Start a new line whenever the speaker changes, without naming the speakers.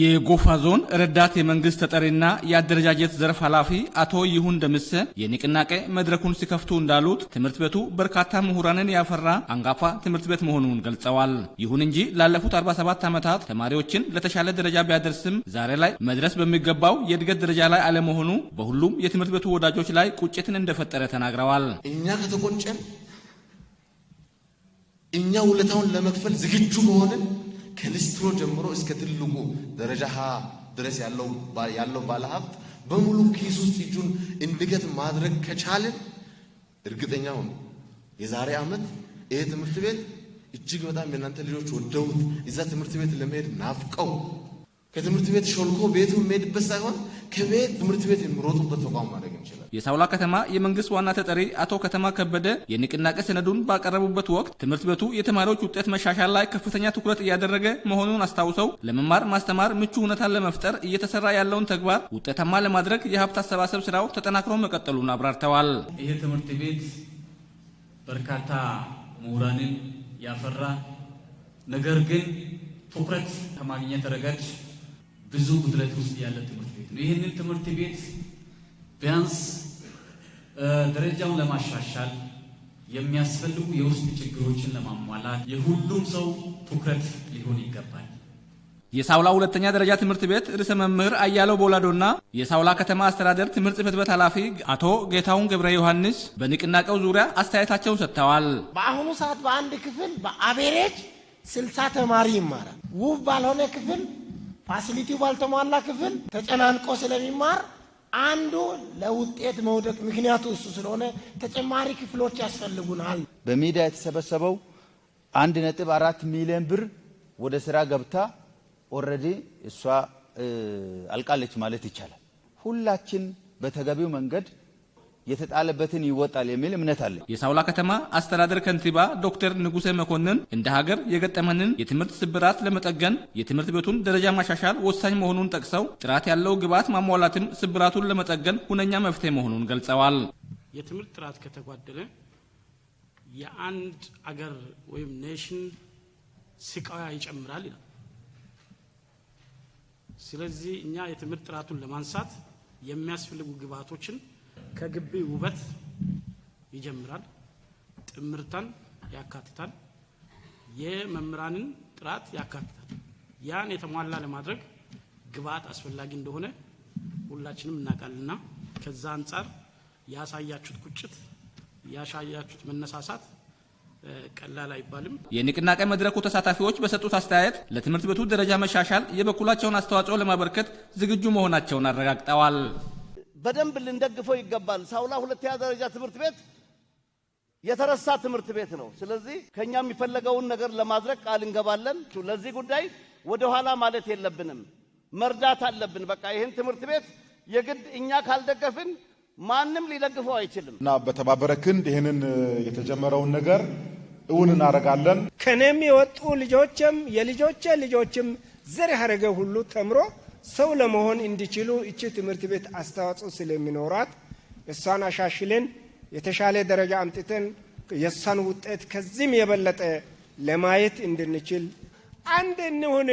የጎፋ ዞን ረዳት የመንግስት ተጠሪና የአደረጃጀት ዘርፍ ኃላፊ አቶ ይሁን ደምሰ የንቅናቄ መድረኩን ሲከፍቱ እንዳሉት ትምህርት ቤቱ በርካታ ምሁራንን ያፈራ አንጋፋ ትምህርት ቤት መሆኑን ገልጸዋል። ይሁን እንጂ ላለፉት 47 ዓመታት ተማሪዎችን ለተሻለ ደረጃ ቢያደርስም ዛሬ ላይ መድረስ በሚገባው የእድገት ደረጃ ላይ አለመሆኑ በሁሉም የትምህርት ቤቱ ወዳጆች ላይ ቁጭትን እንደፈጠረ ተናግረዋል።
እኛ ከተቆጨን እኛ ውለታውን ለመክፈል ዝግጁ መሆንን ከሊስትሮ ጀምሮ እስከ ትልቁ ደረጃ ሀ ድረስ ያለው ባለሀብት በሙሉ ኪስ ውስጥ እጁን እንዲገት ማድረግ ከቻልን እርግጠኛ ሆኑ የዛሬ ዓመት ይሄ ትምህርት ቤት እጅግ በጣም የእናንተ ልጆች ወደውት እዛ ትምህርት ቤት ለመሄድ ናፍቀው ከትምህርት ቤት ሾልኮ ቤቱ የሚሄድበት ሳይሆን ከቤት ትምህርት ቤት የሚሮጡበት ተቋም ማድረግ እንችላል።
የሳውላ ከተማ የመንግስት ዋና ተጠሪ አቶ ከተማ ከበደ የንቅናቄ ሰነዱን ባቀረቡበት ወቅት ትምህርት ቤቱ የተማሪዎች ውጤት መሻሻል ላይ ከፍተኛ ትኩረት እያደረገ መሆኑን አስታውሰው ለመማር ማስተማር ምቹ ሁኔታን ለመፍጠር እየተሰራ ያለውን ተግባር ውጤታማ ለማድረግ የሀብት አሰባሰብ ስራው ተጠናክሮ መቀጠሉን አብራርተዋል።
ይህ ትምህርት ቤት በርካታ ምሁራንን ያፈራ ነገር ግን ትኩረት ከማግኘት ረገድ ብዙ ጉድለት ውስጥ ያለ ትምህርት ይህንን ትምህርት ቤት ቢያንስ ደረጃውን ለማሻሻል የሚያስፈልጉ የውስጥ ችግሮችን ለማሟላት የሁሉም ሰው ትኩረት ሊሆን ይገባል።
የሳውላ ሁለተኛ ደረጃ ትምህርት ቤት ርዕሰ መምህር አያለው ቦላዶና የሳውላ ከተማ አስተዳደር ትምህርት ጽሕፈት ቤት ኃላፊ አቶ ጌታሁን ገብረ ዮሐንስ በንቅናቄው ዙሪያ አስተያየታቸውን ሰጥተዋል።
በአሁኑ ሰዓት በአንድ ክፍል በአቤሬጅ ስልሳ ተማሪ ይማራል። ውብ ባልሆነ ክፍል ፋሲሊቲው ባልተሟላ ክፍል ተጨናንቆ ስለሚማር አንዱ ለውጤት መውደቅ ምክንያቱ እሱ ስለሆነ ተጨማሪ ክፍሎች ያስፈልጉናል።
በሚዲያ የተሰበሰበው አንድ ነጥብ አራት ሚሊዮን ብር ወደ ስራ ገብታ ኦልሬዲ እሷ አልቃለች ማለት ይቻላል። ሁላችን በተገቢው መንገድ የተጣለበትን ይወጣል የሚል እምነት አለ።
የሳውላ ከተማ አስተዳደር ከንቲባ ዶክተር ንጉሰ መኮንን እንደ ሀገር የገጠመንን የትምህርት ስብራት ለመጠገን የትምህርት ቤቱን ደረጃ ማሻሻል ወሳኝ መሆኑን ጠቅሰው ጥራት ያለው ግብዓት ማሟላትም ስብራቱን ለመጠገን ሁነኛ መፍትሄ መሆኑን ገልጸዋል።
የትምህርት ጥራት ከተጓደለ የአንድ አገር ወይም ኔሽን ስቃያ ይጨምራል ይላል። ስለዚህ እኛ የትምህርት ጥራቱን ለማንሳት የሚያስፈልጉ ግብዓቶችን ከግቢ ውበት ይጀምራል። ጥምርታን ያካትታል። የመምህራንን ጥራት ያካትታል። ያን የተሟላ ለማድረግ ግብአት አስፈላጊ እንደሆነ ሁላችንም እናውቃልና ከዛ አንጻር ያሳያችሁት ቁጭት ያሳያችሁት መነሳሳት ቀላል አይባልም።
የንቅናቄ መድረኩ ተሳታፊዎች በሰጡት አስተያየት ለትምህርት ቤቱ ደረጃ መሻሻል የበኩላቸውን አስተዋጽኦ ለማበርከት ዝግጁ መሆናቸውን አረጋግጠዋል።
በደንብ ልንደግፈው ይገባል። ሳውላ ሁለተኛ ደረጃ ትምህርት ቤት የተረሳ ትምህርት ቤት ነው። ስለዚህ ከኛ የሚፈለገውን ነገር ለማድረግ ቃል እንገባለን። ለዚህ ጉዳይ ወደኋላ ማለት የለብንም፣ መርዳት አለብን። በቃ ይህን ትምህርት ቤት የግድ እኛ ካልደገፍን ማንም ሊደግፈው አይችልም
እና በተባበረ ክንድ ይህንን የተጀመረውን ነገር እውን እናደርጋለን።
ከእኔም የወጡ ልጆችም የልጆቼ ልጆችም ዘር ያደረገ ሁሉ ተምሮ ሰው ለመሆን እንዲችሉ እቺ ትምህርት ቤት አስተዋጽኦ ስለሚኖራት እሷን አሻሽለን የተሻለ ደረጃ አምጥተን የእሷን ውጤት ከዚህም የበለጠ ለማየት እንድንችል አንድ እንሁን።